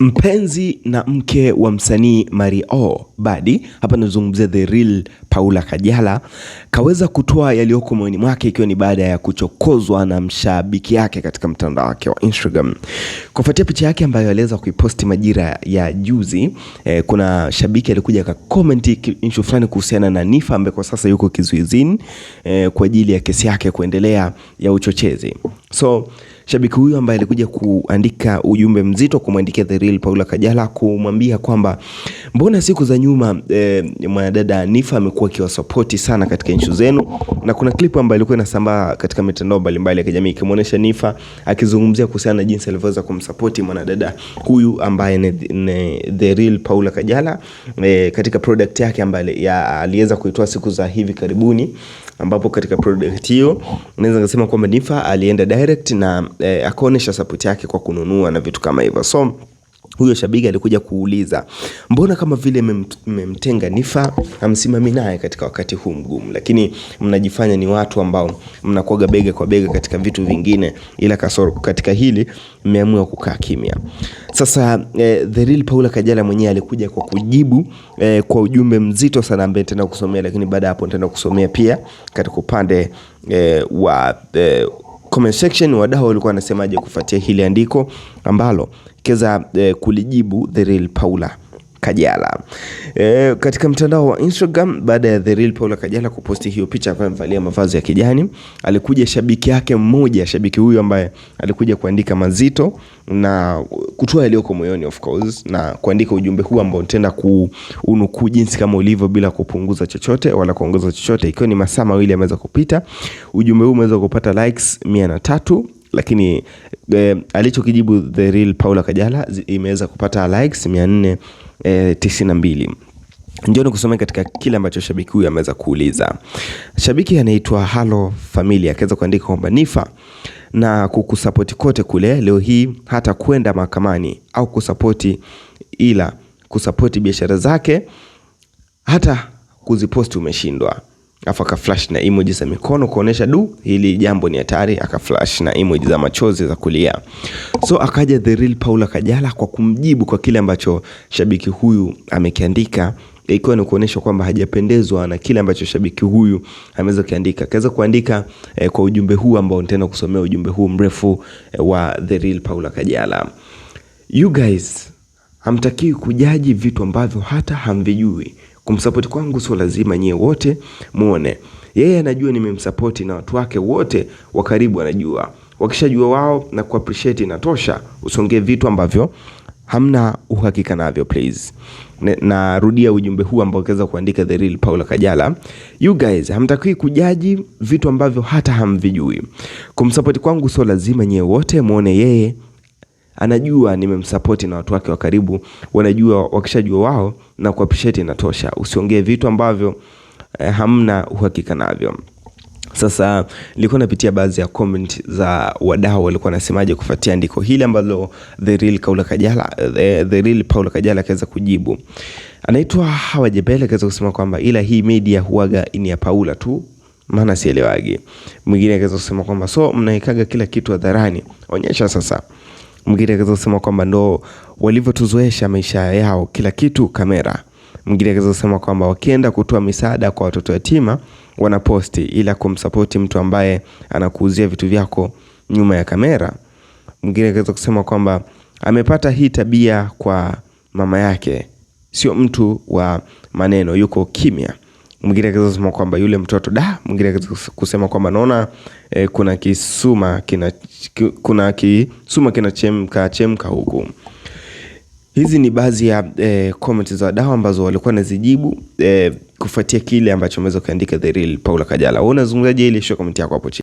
Mpenzi na mke wa msanii Mario Badi, hapa nazungumzia the real Paula Kajala, kaweza kutoa yaliyoko moyoni mwake, ikiwa ni baada ya kuchokozwa na mshabiki yake katika mtandao wake wa Instagram. Kufuatia picha yake ambayo aliweza kuiposti majira ya juzi eh, kuna shabiki alikuja akakomenti issue fulani kuhusiana na Nifa ambaye kwa sasa yuko kizuizini eh, kwa ajili ya kesi yake kuendelea ya uchochezi so Shabiki huyu ambaye alikuja kuandika ujumbe mzito kumwandikia The Real Paula Kajala kumwambia kwamba mbona siku za nyuma eh, mwanadada Nifa amekuwa akiwasapoti sana katika nchi zenu, na kuna klipu ambayo ilikuwa inasambaa katika mitandao mbalimbali ya kijamii ikimwonyesha Nifa akizungumzia kuhusiana na jinsi alivyoweza kumsapoti mwanadada huyu ambaye ni The Real Paula Kajala eh, katika product yake ambayo ya, aliweza kuitoa siku za hivi karibuni, ambapo katika product hiyo naweza kusema kwamba Nifa alienda direct na eh, akaonesha support yake kwa kununua na vitu kama hivyo. So huyo shabiki alikuja kuuliza, mbona kama vile mmemtenga Nifa, amsimami naye katika wakati huu mgumu, lakini mnajifanya ni watu ambao mnakuaga bega kwa bega katika vitu vingine, ila kasoro katika hili mmeamua kukaa kimya. Sasa eh, the real Paula Kajala mwenyewe alikuja kwa kujibu eh, kwa ujumbe mzito sana ambaye nitaenda kusomea, lakini baada hapo nitaenda kusomea pia katika upande eh, wa eh, comment section wadau walikuwa wanasemaje kufuatia hili andiko ambalo keza eh, kulijibu The Real Paula. Kajala. E, katika mtandao wa Instagram baada ya The Real Paula Kajala kuposti hiyo picha ambayo amevalia mavazi ya kijani, alikuja shabiki yake mmoja, shabiki huyu ambaye alikuja kuandika mazito na kutoa yaliyoko moyoni of course, na kuandika ujumbe huu ambao nitaenda kuunukuu jinsi kama ulivyo bila kupunguza chochote wala kuongeza chochote, ikiwa ni masaa mawili ameweza kupita. Ujumbe huu umeweza kupata likes mia na tatu lakini e, alichokijibu The Real Paula Kajala imeweza kupata likes mia nne Eh, tisini na mbili. Ndio kusomea katika kile ambacho shabiki huyu ameweza kuuliza. Shabiki anaitwa Halo Familia akaweza kuandika kwamba Nifa na kukusapoti kote kule, leo hii hata kwenda mahakamani au kusapoti, ila kusapoti biashara zake hata kuziposti umeshindwa afu akaflash na emoji za mikono kuonesha du hili jambo ni hatari, akaflash na emoji za machozi za kulia. So akaja the real Paula Kajala kwa kumjibu kwa kile ambacho shabiki huyu amekiandika, ikiwa ni kuonesha kwamba hajapendezwa na kile ambacho shabiki huyu ameweza kuandika. Kaweza kuandika eh, kwa ujumbe huu ambao nitaenda kusomea ujumbe huu mrefu eh, wa the real Paula Kajala. You guys hamtakiwi kujaji vitu ambavyo hata hamvijui. Kumsapoti kwangu sio lazima nyie wote muone. Yeye anajua nimemsapoti na watu wake wote wa karibu anajua. Wakishajua wao na appreciate inatosha. Usongee vitu ambavyo hamna uhakika navyo please. Narudia ujumbe huu ambao kaweza kuandika The Real Paula Kajala. You guys, hamtaki kujaji vitu ambavyo hata hamvijui. Kumsupport kwangu sio lazima nyie wote muone yeye anajua nimemsapoti na watu wake wa karibu wanajua, wakishajua wao na kuappreciate inatosha. Usiongee vitu ambavyo eh, hamna uhakika navyo. Sasa nilikuwa napitia baadhi ya comment za wadau walikuwa nasemaje kufuatia andiko hili ambalo The Real Paula Kajala, The, The Real Paula Kajala akaweza kujibu. Anaitwa Hawa Jebele akaweza kusema kwamba ila hii media huaga ni ya Paula tu maana sielewagi. Mwingine akaweza kusema kwamba so mnaikaga kila kitu hadharani, onyesha sasa. Mwingine akaweza kusema kwamba ndo walivyotuzoesha maisha yao, kila kitu kamera. Mwingine akaweza kusema kwamba wakienda kutoa misaada kwa watoto yatima wanaposti, ila kumsapoti mtu ambaye anakuuzia vitu vyako nyuma ya kamera. Mwingine akaweza kusema kwamba amepata hii tabia kwa mama yake, sio mtu wa maneno, yuko kimya mwingine akaweza kusema kwamba yule mtoto da, mwingine akaweza kusema kwamba naona e, kuna kisuma kina, kuna kisuma kinachemka chemka huku. Hizi ni baadhi ya e, comment za wadau ambazo walikuwa nazijibu e, eh, kufuatia kile ambacho ameweza kuandika The Real Paula Kajala. Wewe unazungumzaje ile? show? comment yako hapo chini.